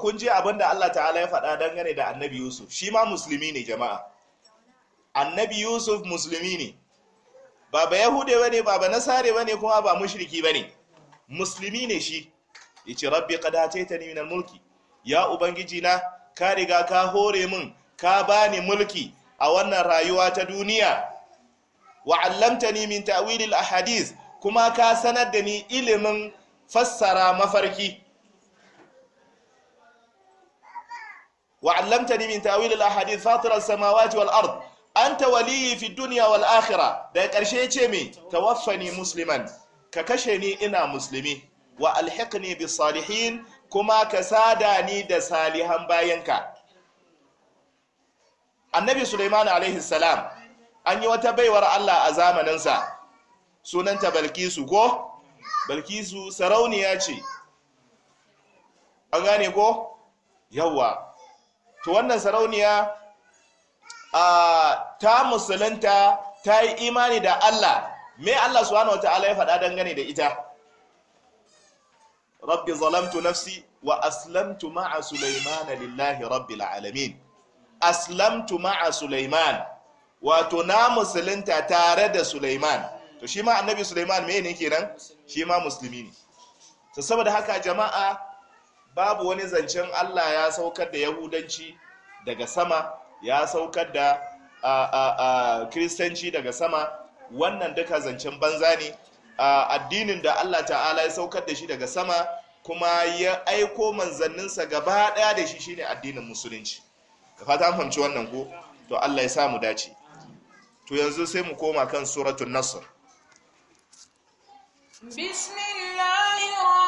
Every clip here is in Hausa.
kun je abin da Allah ta'ala ya faɗa dangane da annabi Yusuf shi ma musulmi ne jama'a annabi Yusuf musulmi ne ba ba yahude ba ne ba ba nasare ba ne kuma ba mushriki ba ne musulmi ne shi ya ce rabbi ce ta nuna mulki ya ubangiji na ka riga ka hore min ka bani mulki a wannan rayuwa ta duniya wa allamtani min ta'wilil ahadith kuma ka sanar da ni ilimin fassara mafarki وعلمتني من تأويل الأحاديث فاطر السماوات والأرض أنت ولي في الدنيا والآخرة ده كرشي تشمي توفني مسلما ككشني إنا مسلمي وألحقني بالصالحين كما كساداني دا صالحا باينكا النبي سليمان عليه السلام أن يوتبي وراء الله أزام ننسى سننت بلكيسو كو بلكيسو سروني ياتي أغاني كو يوّا to wannan sarauniya ta musulunta ta yi imani da Allah me Allah subhanahu wataala ya faɗa dangane da ita rabbi zalamtu nafsi wa aslamtu ma'a sulaiman lillahi rabbil alamin aslamtu ma'a sulaiman wato na musulunta tare da sulaiman to shi ma annabi sulaiman me ne kenan shi ma musulmi ne saboda haka jama'a babu wani zancen Allah ya saukar da yahudanci daga sama ya saukar da kiristanci daga sama wannan duka zancen banza ne addinin da Allah ta'ala ya saukar da shi daga sama kuma ya aiko manzanninsa gaba ɗaya da shi shine addinin musulunci ka fata fahimci wannan ko to Allah ya samu dace to yanzu sai mu koma kan suratul nasr bismillahir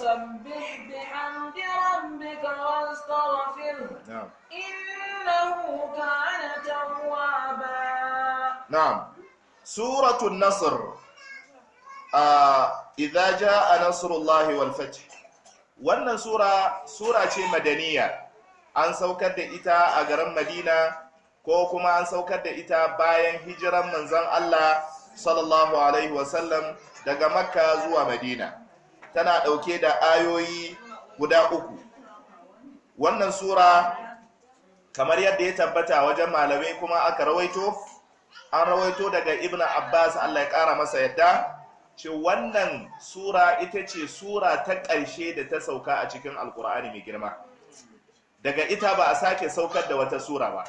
وسبح بحمد ربك واستغفره إنه كان توابا نعم سورة النصر آه إذا جاء نصر الله والفتح wannan sura sura ce madaniya an saukar da ita a garin madina ko kuma an saukar da ita bayan hijiran manzon allah sallallahu alaihi wasallam daga makka zuwa madina tana ɗauke da ayoyi guda uku wannan sura kamar yadda ya tabbata wajen malamai kuma aka rawaito an rawaito daga ibn abbas allah ya ƙara masa yadda ce wannan sura ita ce sura ta ƙarshe da ta sauka a cikin alkur'ani mai girma daga ita ba a sake saukar da wata sura ba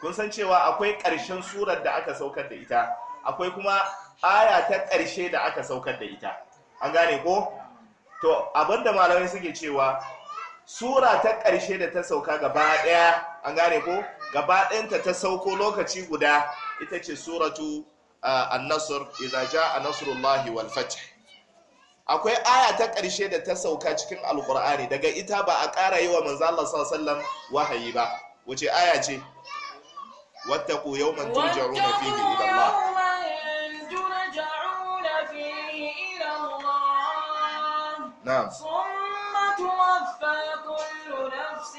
kun san cewa akwai ƙarshen surar da aka saukar da ita akwai kuma aya ta ƙarshe da aka saukar da ita an gane ko to abinda malamai suke cewa sura ta ƙarshe da ta sauka gaba ɗaya an gane ko gaba ɗayanta ta sauko lokaci guda ita ce suratu annasur idza jaa nasrullahi wal fath akwai aya ta ƙarshe da ta sauka cikin Alƙur'ani. daga ita ba a ƙara yi wa manzo Allah sallallahu wahayi ba wace aya ce wattaqu yawman turja'una fihi ila Allah نعم ثم توفى كل نفس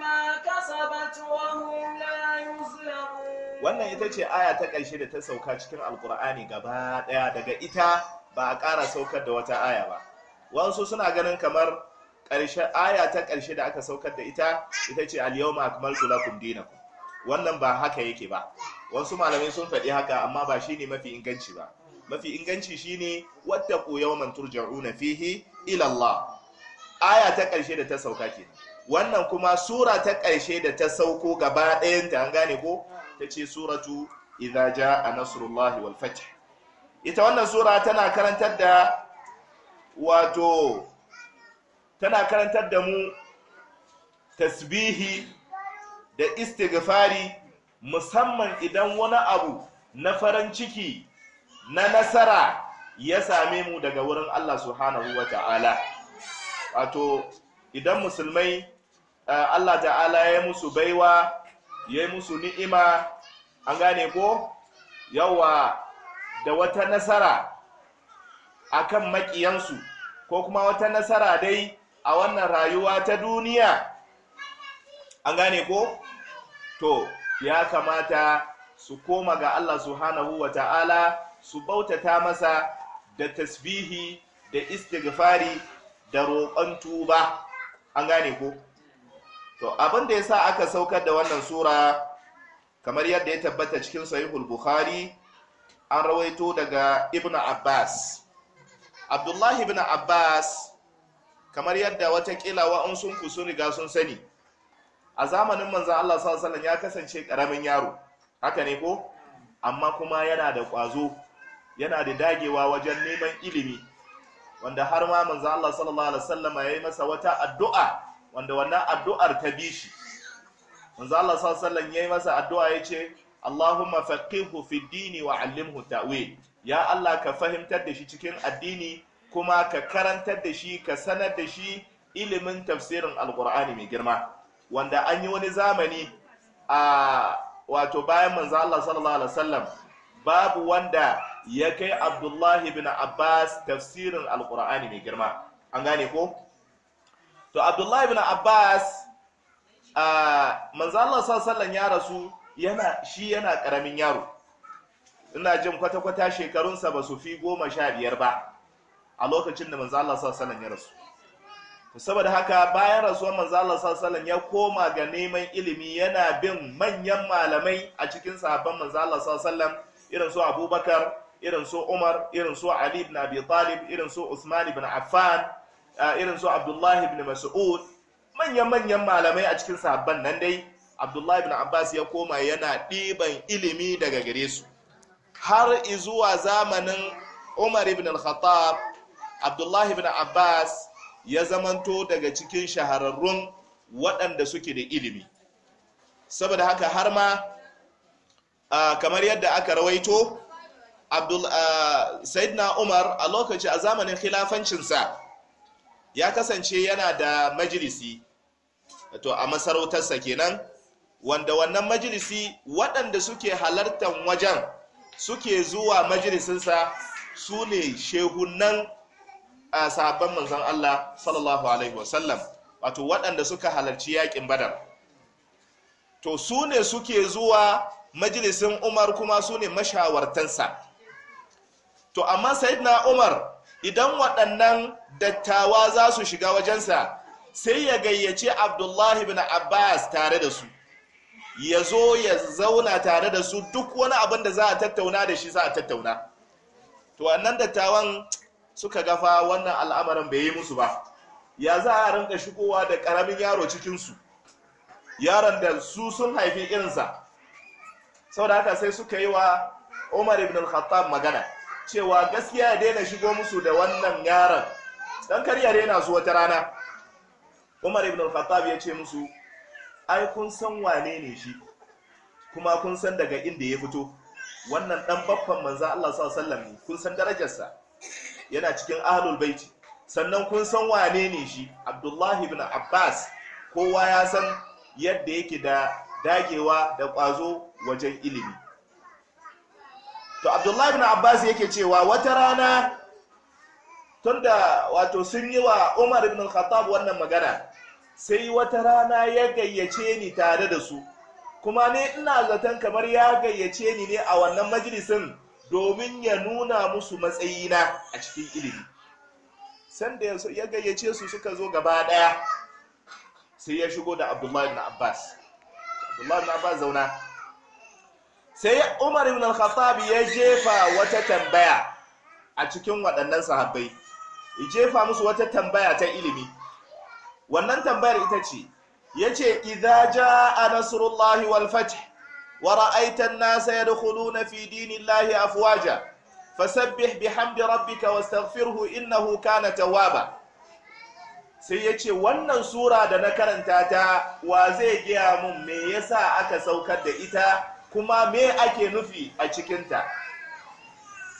ما كسبت وهم لا يظلمون wannan ita ce aya ta ƙarshe da ta sauka cikin alkur'ani gaba ɗaya daga ita ba a ƙara saukar da wata aya ba wasu suna ganin kamar aya ta ƙarshe da aka saukar da ita ita ce al-yawma akmaltu lakum dinakum wannan ba haka yake ba wasu malamai sun faɗi haka amma ba shine mafi inganci ba mafi inganci shine wattaqu yawman turja'una fihi ilallah aya ta ƙarshe da ta sauka kenan wannan kuma sura ta ƙarshe da ta sauko gaba ɗayanta an gane ko ce suratu idza a nasrullahi wal ita wannan sura tana karantar da wato tana karantar da mu tasbihi da istighfari musamman idan wani abu na farin ciki na nasara ya same mu daga wurin Allah subhanahu wa ta'ala wato idan musulmai eh, Allah ta'ala ya yi musu baiwa ya musu ni'ima an gane ko yawa da wata nasara kan makiyansu ko kuma wata nasara dai a wannan rayuwa ta duniya an gane ko to ya kamata su koma ga Allah subhanahu wa ta'ala su bautata masa da tasbihi da istighfari da roƙon tuba an gane ko to abin da yasa aka saukar da wannan sura kamar yadda ya tabbata cikin sahihul bukhari an rawaito daga ibn abbas abdullahi ibn abbas kamar yadda watakila sun ku sun riga sun sani a zamanin manzan allah sallallahu ya kasance karamin yaro haka ne ko amma kuma yana da ƙwazo yana da dagewa wajen neman ilimi wanda har ma manzo Allah sallallahu alaihi wasallam yayi masa wata addu'a wanda wannan addu'ar ta bi shi manzo Allah sallallahu alaihi wasallam yayi masa addu'a yace Allahumma faqihhu fi dini wa 'allimhu ta'wil ya Allah ka fahimtar da shi cikin addini kuma ka karantar da shi ka sanar da shi ilimin tafsirin alqur'ani mai girma wanda an yi wani zamani a wato bayan manzo Allah sallallahu alaihi wasallam babu wanda ya kai abdullahi bin abbas tafsirin alkur'ani mai girma an gane ko to abdullahi bin abbas manzo Allah sallallahu ya rasu yana shi yana karamin yaro ina jin kwata-kwata shekarunsa ba su fi goma sha biyar ba a lokacin da manzo Allah sallallahu ya rasu saboda haka bayan rasuwar manzo Allah sallallahu ya koma ga neman ilimi yana bin manyan malamai a cikin sahabban manzo Allah sallallahu irin su Abubakar irin su Umar irin su Ali ibn Abi Talib irin su Usman ibn Affan eh, irin su Abdullah ibn Mas'ud manyan manyan malamai a cikin sahabban nan dai Abdullah ibn Abbas ya koma yana ɗiban ilimi daga gare su har zuwa zamanin Umar ibn al-Khattab Abdullah ibn Abbas ya zamanto daga cikin shahararrun waɗanda suke da ilimi saboda haka har ma eh, kamar yadda aka rawaito Uh, Sayyidina Umar a lokaci a zamanin khilafancinsa ya kasance yana da majalisi to a masarautarsa kenan wanda wannan majalisi waɗanda suke halartar wajen suke zuwa majalisinsa su ne shehunan a uh, sahabban manzon Allah sallallahu alaihi wasallam wato waɗanda suka halarci yaƙin badar to su ne suke zuwa majalisin umar kuma su ne mashawartansa to amma na umar idan waɗannan dattawa za su shiga wajensa sai ya gayyace abdullahi bin abbas tare da su ya zo ya zauna tare da su duk wani abin da za a tattauna da shi za a tattauna to wannan dattawan suka gafa wannan al'amarin bai yi musu ba ya za a rinka shigowa da ƙaramin yaro cikinsu yaron da su sun haifi irinsa sau da haka sai suka yi wa umar ibn al-khattab magana cewa gaskiya ya daina shigo musu da wannan yaron dan karyar daina su wata rana Umar ibn al-Khattab ya ce musu ai kun san wane ne shi kuma kun san daga inda ya fito wannan dan baffan manzo Allah sallallahu alaihi kun san darajarsa yana cikin ahlul baiti sannan kun san wane ne shi Abdullahi ibn Abbas kowa ya san yadda yake da dagewa da ƙwazo wajen ilimi to abdullahi ibn abbas yake cewa wata rana tunda wato sun yi wa umar ibn khattab wannan magana sai wata rana ya gayyace ni tare da su kuma ne ina zaton kamar ya gayyace ni ne a wannan majalisin domin ya nuna musu matsayina a cikin ilimi sanda ya gayyace su suka zo gaba daya sai ya shigo da abdullahi ibn abbas abdullahi ibn abbas zauna sai umar ibn al-khattab ya jefa wata tambaya a cikin waɗannan sahabbai ya jefa musu wata tambaya ta ilimi wannan tambayar ita ce yace idza jaa nasrullahi wal fath wa ra'aita an-nasa yadkhuluna fi dinillahi afwaja fasabbih bihamdi rabbika wastaghfirhu innahu kana tawwaba sai yace wannan sura da na karanta ta wa zai giya mun me yasa aka saukar da ita kuma me ake nufi a cikinta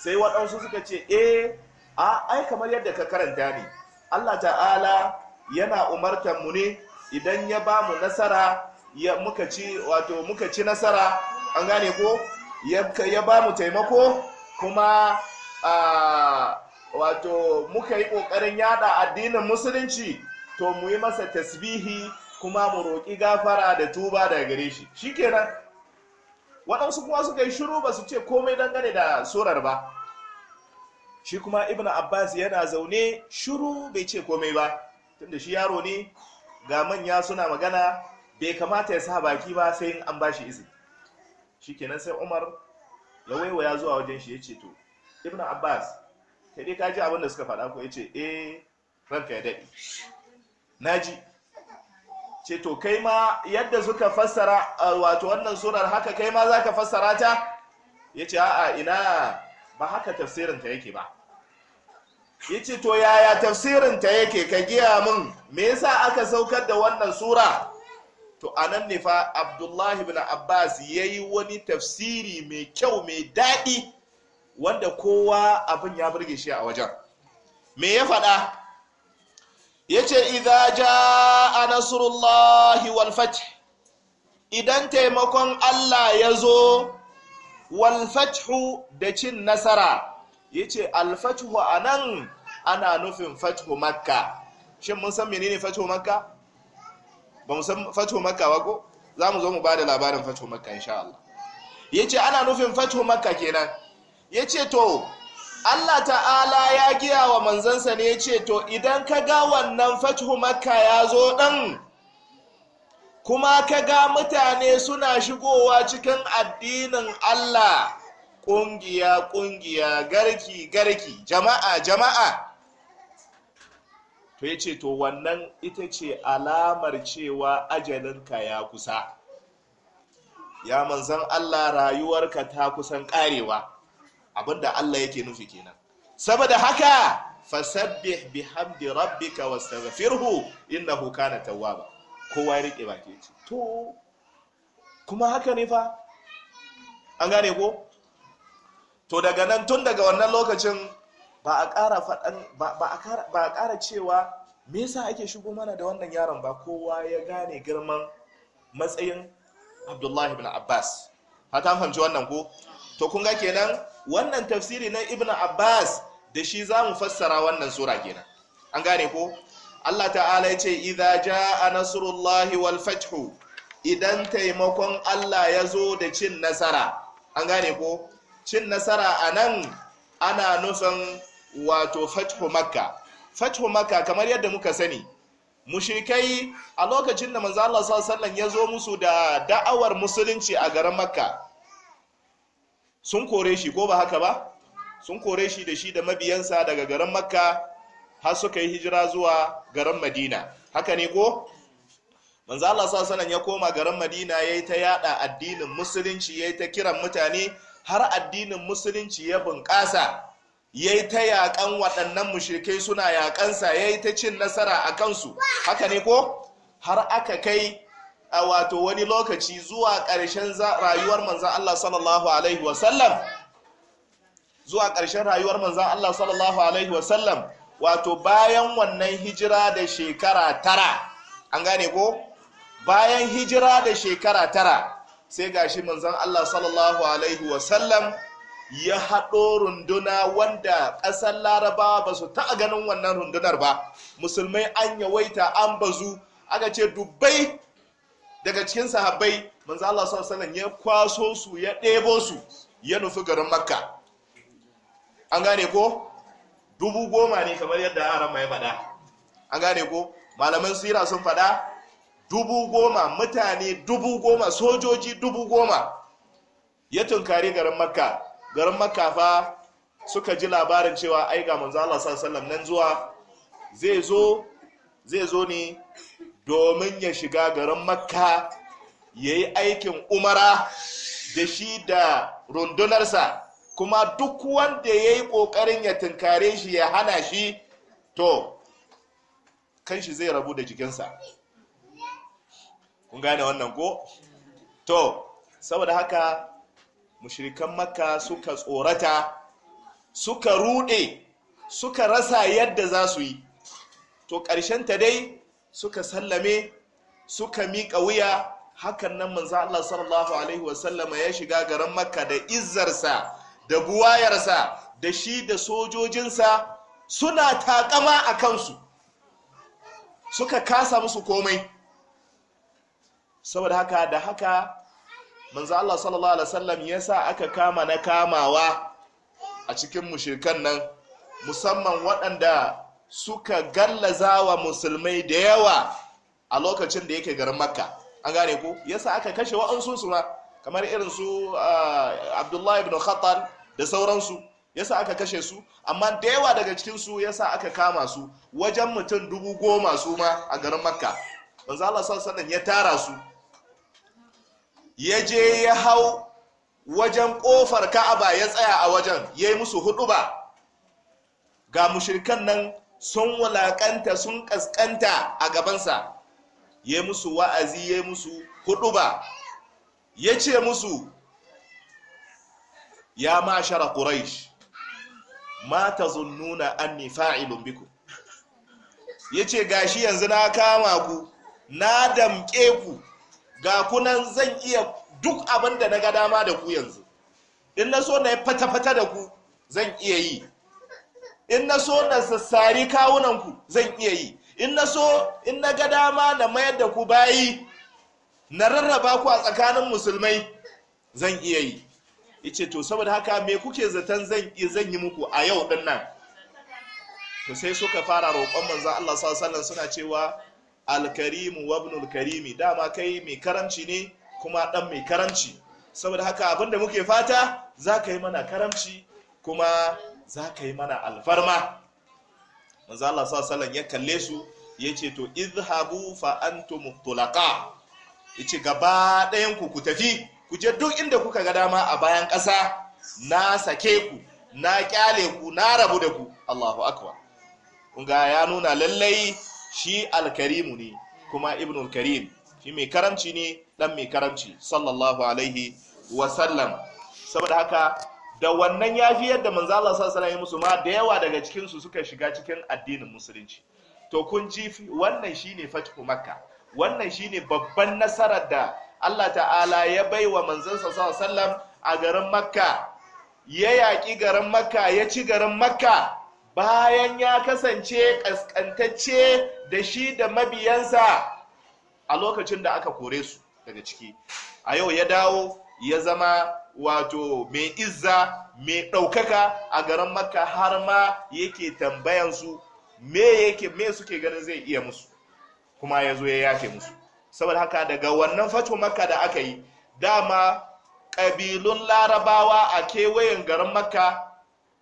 sai waɗansu suka ce eh a ai kamar yadda ka karanta ne Allah ta'ala yana umartar mu ne idan ya ba mu nasara ya muka ci wato muka ci nasara an gane ko ya ba mu taimako kuma a wato muka yi ƙoƙarin yada addinin musulunci to mu yi masa tasbihi kuma mu roƙi gafara da tuba da gare shi Shi shikenan waɗansu kuma suka yi shuru ba su ce komai dangane da surar ba shi kuma ibn abbas yana zaune shuru bai ce komai ba tunda shi yaro ne ga manya suna magana bai kamata ya sa baki ba sai in an bashi izini kenan sai umar ya waiwaya zuwa wajen shi ya ce to ibn abbas kai ka ji abin da suka faɗa ko ya ce eh ranka ya daɗe na ji ce to kai ma yadda suka fassara wato wannan surar haka kai ma za ka fassara ta ya ce a'a ina ba haka tafsirinta yake ba ya ce to yaya tafsirinta yake ka giya min me yasa aka saukar da wannan sura to a nan ne fa abdullahi bin abbas ya yi wani tafsiri mai kyau mai daɗi wanda kowa abin ya burge shi a wajen me ya faɗa yace idza jaa nasrullahi wal fath idan taimakon Allah ya zo wal da cin nasara yace al a anan ana nufin fathu makka shin mun san ne fathu makka ba mu san fathu makka wako za mu zo mu bada labarin fathu makka insha Allah yace ana nufin fathu makka kenan yace to Allah ta'ala ya giya wa manzansa ne ya ce to idan ka ga wannan fathu makka ya zo ɗan kuma ka ga mutane suna shigowa cikin addinin Allah ƙungiya ƙungiya garki garki jama'a jama'a to ya ce to wannan ita ce alamar cewa ajalinka ya kusa ya manzan Allah rayuwarka ta kusan ƙarewa abinda Allah yake nufi kenan saboda haka fasabbih bihamdi rabbika wastaghfirhu innahu kana tawwaba kowa ya rike baki ce to kuma haka ne fa an gane ko to daga nan tun daga wannan lokacin ba a ƙara faɗan ba a ƙara cewa me yasa ake shigo mana da wannan yaron ba kowa ya gane girman matsayin Abdullahi ibn Abbas ha ta fahimci wannan ko to kun ga kenan wannan tafsiri na ibn abbas da shi za mu fassara wannan sura gina. an gane ko allah ta'ala ya ce idha jaa nasrullahi wal fathu idan taimakon allah ya zo da cin nasara an gane ko cin nasara a nan ana nufin wato fathu makka fathu makka kamar yadda muka sani mushrikai a lokacin da manzo Allah sallallahu alaihi wasallam ya zo musu da da'awar musulunci a garin makka sun kore shi ko ba haka ba sun kore shi da shi da mabiyansa daga garin makka har suka yi hijira zuwa garin madina haka ne ko manzo Allah sanan ya koma garin madina yayi ta yada addinin musulunci yayi ta kiran mutane har addinin musulunci ya bunƙasa yayi ta yakan waɗannan mushrikai suna yakansa yayi ta cin nasara a kansu haka ne ko har aka kai a wato wani lokaci zuwa ƙarshen rayuwar manzan Allah sallallahu alaihi wasallam zuwa ƙarshen rayuwar manzan Allah sallallahu alaihi wasallam wato bayan wannan hijira da shekara tara an gane ko bayan hijira da shekara tara sai gashi manzan Allah sallallahu alaihi wasallam ya haɗo runduna wanda ƙasar larabawa ba su ganin wannan rundunar ba musulmai an yawaita an bazu aka ce dubbai daga cikin sahabbai manzo Allah sallallahu alaihi ya kwaso su ya ɗebo su ya nufi garin makka an gane ko dubu goma ne kamar yadda yaran mai fada an gane ko malaman sira sun faɗa dubu goma mutane dubu goma sojoji dubu goma ya tunkari garin makka garin makka fa suka ji labarin cewa ai ga manzo Allah sallallahu alaihi nan zuwa zai zo zai zo ne domin ya shiga garin makka ya yi aikin umara da shi da rundunarsa kuma duk wanda ya yi ƙoƙarin ya tunkare shi ya hana shi to kan shi zai rabu da jikinsa kun gane wannan ko to saboda haka mushrikan makka suka tsorata suka rude suka rasa yadda za su yi to ta dai suka sallame suka miƙa wuya hakan nan manzo Allah sallallahu alaihi wasallama ya shiga garin makka da izzarsa da buwayarsa da shi da sojojinsa suna takama a kansu suka kasa musu komai saboda haka da haka manzo Allah sallallahu alaihi wasallam ya sa aka kama na kamawa a cikin mushirkan nan musamman waɗanda suka gallaza wa musulmai da yawa a lokacin da yake garin makka an gane ku yasa aka kashe wa'ansu su ma kamar irin su ah, abdullahi ibn khattal da sauransu yasa aka kashe su amma da yawa daga cikinsu su yasa aka kama su wajen mutum dubu goma su ma a garin makka manzo Allah sannan ya tara su ya je ya hau wajen kofar ka'aba ya tsaya a wajen ya yi musu hudu ba ga mushirikan nan sun wulaƙanta sun ƙasƙanta a gabansa ya musu wa'azi ya musu hudu ba ya ce musu ya mashara ƙuraish ma ta zunnuna anni fa'ilun biku ya ce ga shi yanzu na kama ku na damƙe ku ga kunan zan iya duk abin na ga dama da ku yanzu in na so na yi fata-fata da ku zan iya yi in na so na sassari kawunanku zan iya yi in na so in na ga dama na mayar da ku bayi na rarraba ku a tsakanin musulmai zan iya yi ice to saboda haka me kuke zaton zan zan yi muku a yau din nan to sai suka fara roƙon manzan Allah sallallahu alaihi suna cewa alkarimu wa ibnul karimi dama kai mai karamci ne kuma dan mai karamci saboda haka abinda muke fata za ka yi mana karamci kuma za ka yi mana alfarma manzo Allah salon ya kalle su ya ce to izhabu fa antum ya ce gaba ɗayan ku tafi ku je duk inda kuka ga dama a bayan ƙasa na sake ku na ƙyale ku na rabu da ku Allahu akbar ya nuna lallai shi alkarimu ne kuma ibn karim shi mai karamci ne dan mai karamci sallallahu alaihi wa saboda haka da wannan yafiyar da yadda Allah sallallahu alaihi musu ma da yawa daga cikinsu suka shiga cikin addinin musulunci to kun ji wannan shine fatu makka wannan shine babban nasarar da Allah ta'ala ya baiwa wa sallallahu Sallam a garin makka ya yaƙi garin makka ya ci garin makka bayan ya kasance ƙasƙantacce da shi da mabiyansa a lokacin da aka kore su daga ciki a yau ya dawo ya zama wato mai izza mai ɗaukaka a garin makka har ma yake tambayansu me yake me suke ganin zai iya musu kuma ya zo ya yafe musu saboda haka daga wannan fato makka da aka yi dama ƙabilun larabawa a kewayen garin makka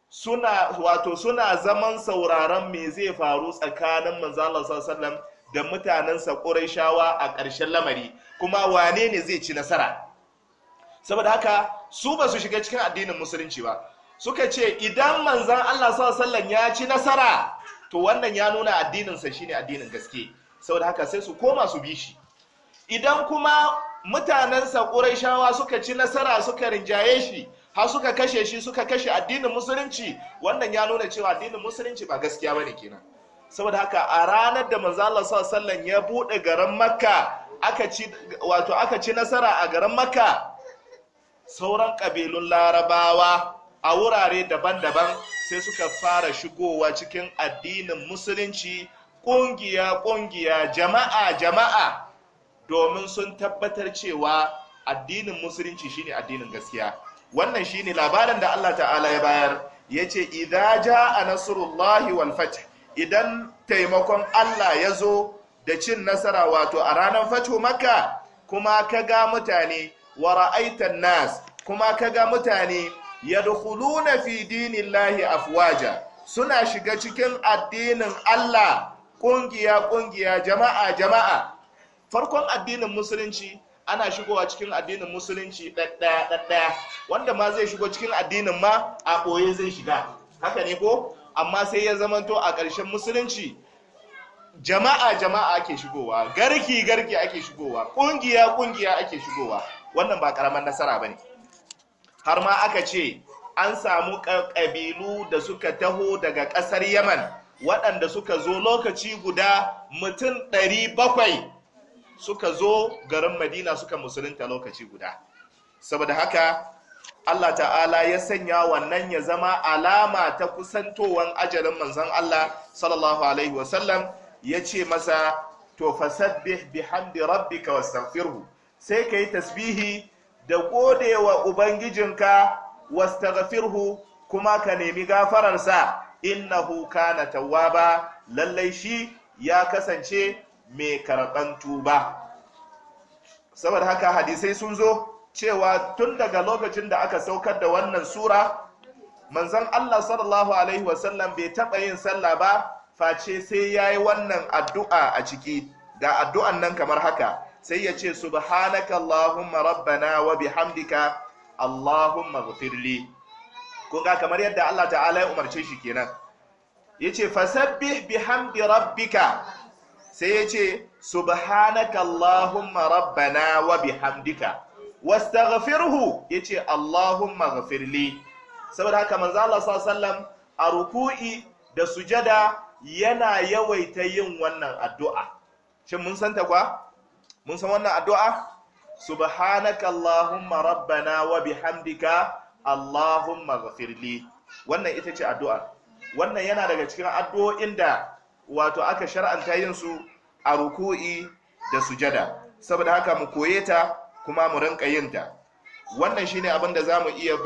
suna wato suna zaman sauraron me zai faru tsakanin manzalar sallallahu da mutanensa ƙurayshawa a ƙarshen lamari kuma wane ne zai ci nasara saboda haka su ba su shiga cikin addinin musulunci ba suka ce idan manzan Allah sallan ya ci nasara to wannan ya nuna addininsa shine addinin gaske saboda haka sai su koma su bi shi idan kuma mutanensa ƙurayshawa suka ci nasara suka rinjaye shi har suka kashe shi suka kashe addinin musulunci wannan ya nuna cewa addinin musulunci ba gaskiya bane kenan saboda haka a ranar da manzo Allah sallallahu ya bude garin makka aka ci wato aka ci nasara a garin makka sauran kabilun larabawa a wurare daban-daban sai suka fara shigowa cikin addinin musulunci kungiya kungiya jama'a jama'a domin sun tabbatar cewa addinin musulunci shine addinin gaskiya wannan shine labarin da Allah ta'ala ya bayar yace idza jaa nasrullahi wal fath idan taimakon Allah ya zo da cin nasara wato a ranar fatu maka kuma ka ga mutane wa ra'aitan nas kuma ka ga mutane yadkhuluna fi dinillahi afwaja suna shiga cikin addinin Allah kungiya kungiya jama'a jama'a farkon addinin musulunci ana shigowa cikin addinin musulunci ɗaɗɗaya ɗaya. wanda ma zai shigo cikin addinin ma a ɓoye zai shiga haka ne ko amma sai ya zamanto a ƙarshen musulunci jama'a jama'a ake shigowa garki garki ake shigowa ƙungiya ƙungiya ake shigowa wannan ba ƙaramin nasara ba ne har ma aka ce an samu ƙabilu da suka taho daga ƙasar yaman waɗanda suka zo lokaci guda mutum ɗari bakwai suka zo garin madina suka musulunta lokaci guda saboda haka Allah ta'ala ya sanya wannan ya zama alama ta kusantowan ajalin manzan Allah sallallahu alaihi wasallam ya ce masa to fasabbih hamdi rabbika wastaghfirhu sai ka yi tasbihi da godewa ubangijinka wastaghfirhu kuma ka nemi gafararsa na kana ba, lallai shi ya kasance mai karɓantu ba.' saboda haka hadisai sun zo cewa tun daga lokacin da aka saukar da wannan sura manzon Allah sallallahu alaihi wasallam bai taɓa yin sallah ba face sai ya yi wannan addu'a a ciki ga addu'an nan kamar haka sai ya ce subhanaka Allahumma rabbana wa bihamdika Allahumma ghfirli kun ga kamar yadda Allah ta'ala ya umarce shi kenan yace fasabbi bihamdi rabbika sai yace subhanaka Allahumma rabbana wa bihamdika wastaghfirhu yace Allahumma ghafirli saboda haka manzo sallallahu a ruku'i da sujada yana yawaita yin wannan addu'a shin mun san ta kwa mun san wannan addu'a subhanaka Allahumma rabbana wa bihamdika Allahumma ghafirli wannan ita ce addu'a wannan yana daga cikin addu'o'in da wato aka shar'anta yin su a ruku'i da sujada saboda haka mu koye ta kuma mu rinka yin ta wannan shine abin da zamu iya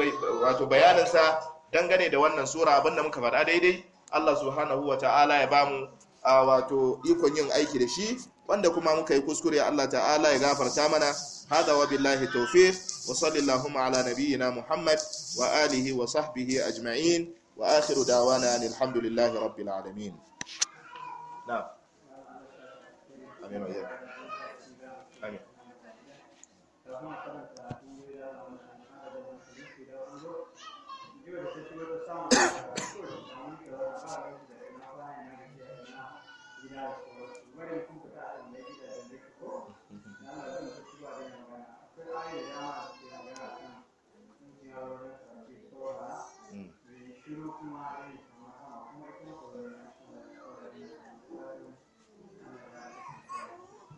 wato bayanin sa dangane da wannan sura abin da muka faɗa daidai Allah subhanahu ta'ala ya bamu wato ikon yin aiki da shi wanda kuma muka yi kuskure Allah ta'ala ya gafarta mana hada wa billahi tawfiq wa sallallahu ala nabiyyina Muhammad wa alihi wa sahbihi ajma'in wa akhiru dawana alhamdulillahi rabbil alamin na'am amin wa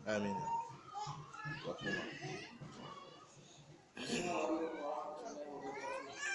Amin.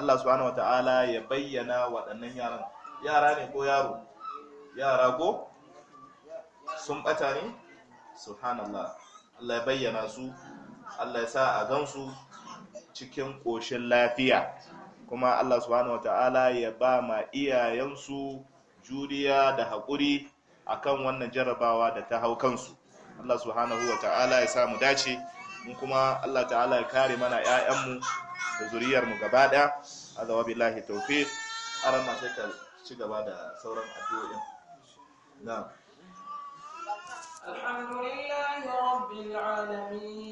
Allah subhanahu ta'ala ya bayyana waɗannan yaran yara ne ko yaro yara ko sun bata ne subhanallah Allah ya bayyana su Allah ya sa a gansu cikin ƙoshin lafiya kuma Allah subhanahu ta'ala ya ba ma iyayensu juriya da haƙuri kan wannan jarabawa da ta hau kansu Allah subhanahu ta'ala ya sa mu dace mu kuma Allah ta'ala ya kare mana 'ya'yanmu da zuriyar mu gaba daya azawa billahi tawfiq aran ma sai ka ci gaba da sauran addu'o'in na'am alhamdulillahi rabbil alamin